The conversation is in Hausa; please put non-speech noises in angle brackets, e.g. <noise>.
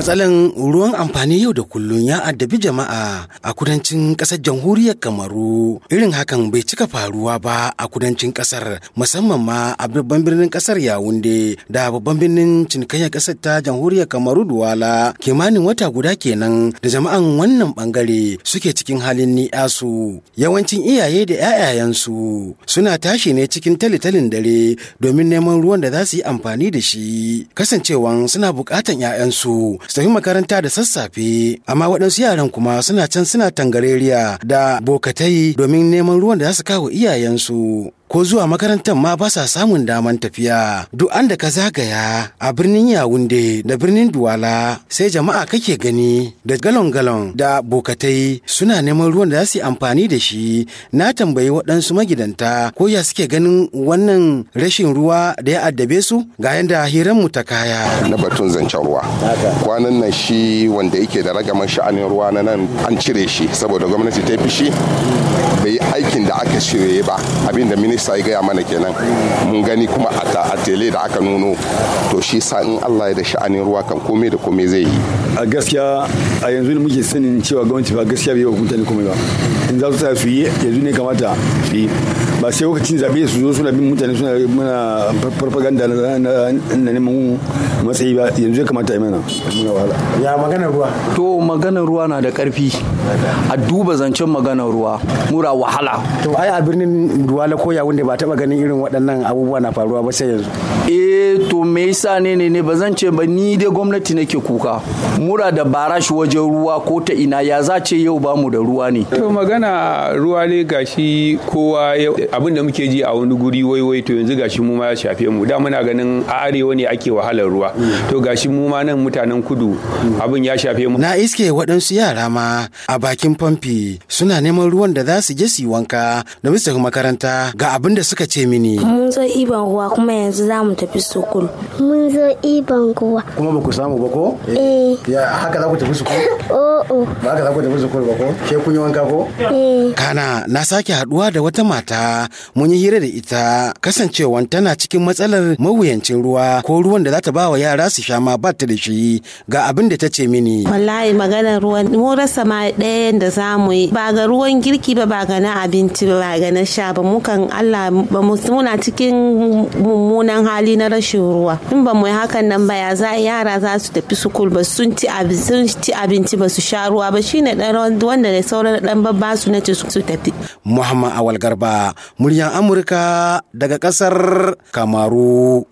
Matsalan ruwan amfani yau da kullum ya addabi jama'a a kudancin ƙasar jamhuriyar Kamaru. Irin hakan bai cika faruwa ba a kudancin ƙasar musamman ma a babban birnin ƙasar Yawunde da babban birnin cinikayyar ƙasar ta jamhuriyar Kamaru Duwala. Kimanin wata guda kenan da jama'an wannan bangare suke cikin halin ni'asu. Yawancin iyaye da 'ya'yayensu suna tashi ne cikin talitalin dare domin neman ruwan da za su yi amfani da shi. Kasancewan suna bukatan 'ya'yansu su tafi makaranta da sassafe amma waɗansu yaran kuma suna can suna tangareriya da bokatai domin neman ruwan da za su kawo iyayensu ko zuwa makarantar ma ba sa samun daman tafiya duk an da ka zagaya a birnin yawunde da birnin duwala sai jama'a kake gani da galon-galon da bokatai suna neman ruwan da za su amfani da shi na tambayi waɗansu magidanta ko ya suke ganin wannan rashin ruwa da ya addabe su ga yadda hiran mu ta kaya na batun zancen ruwa kwanan nan shi wanda yake da ragaman sha'anin ruwa na nan an cire shi saboda gwamnati ta fi shi bai aikin da aka shirye ba abin da sa ya gaya mana kenan mun gani kuma a ta a tele da aka nuno to shi sa in Allah ya da sha'anin ruwa kan komai da komai zai yi a gaskiya a yanzu ne muke sanin cewa gwamnati ba gaskiya bai hukunta ni komai ba in za su sa su yi yanzu ne kamata su yi ba sai lokacin zabe su zo suna bin mutane suna mana propaganda na neman matsayi ba yanzu ya kamata yi mana muna wahala ya magana ruwa to magana ruwa na da ƙarfi a duba zancen magana ruwa mura wahala to ai a birnin ruwa la koya. wanda ba taba ganin irin waɗannan abubuwa na faruwa ba sai yanzu eh to me yasa ne ne ne ba zan ce ba ni dai gwamnati nake kuka mura da barash wajen ruwa ko ta ina ya za ce yau ba mu da ruwa ne to magana ruwa ne gashi kowa abin da muke ji a wani guri wai wai to yanzu gashi mu ma ya shafe mu da muna ganin a arewa ne ake wahalar ruwa to gashi mu ma nan mutanen kudu abin ya shafe mu na iske waɗansu yara ma a bakin famfi suna neman ruwan da za su je su yi wanka da su makaranta ga abin da suka ce mini mun zo iban ruwa kuma yanzu za mu tafi sukul mun zo iban ruwa kuma ba ku samu ba ko eh ya haka za ku tafi sukul <laughs> o'o oh, oh. ba haka za ku tafi sukul ba ko ke kun yi wanka ko eh kana na sake haduwa da wata mata mun yi hira da ita kasancewan tana cikin matsalar mawuyancin ruwa ko ruwan da za ta ba wa yara su sha ma ba ta da shi ga abin da ta ce mini wallahi maganar ruwan mun rasa ma ɗayan da za mu yi ba ga ruwan girki ba ba ga na abinci ba ba ga na sha ba mukan Allah Allah ba mu muna cikin mummunan hali na rashin ruwa in ba mu yi hakan nan ba ya za yara za su tafi sukul ba sun ci abinci ba su sha ruwa ba shine dan wanda da sauran dan babba su na ci su tafi Muhammad Awal Garba muryan Amurka daga kasar Kamaru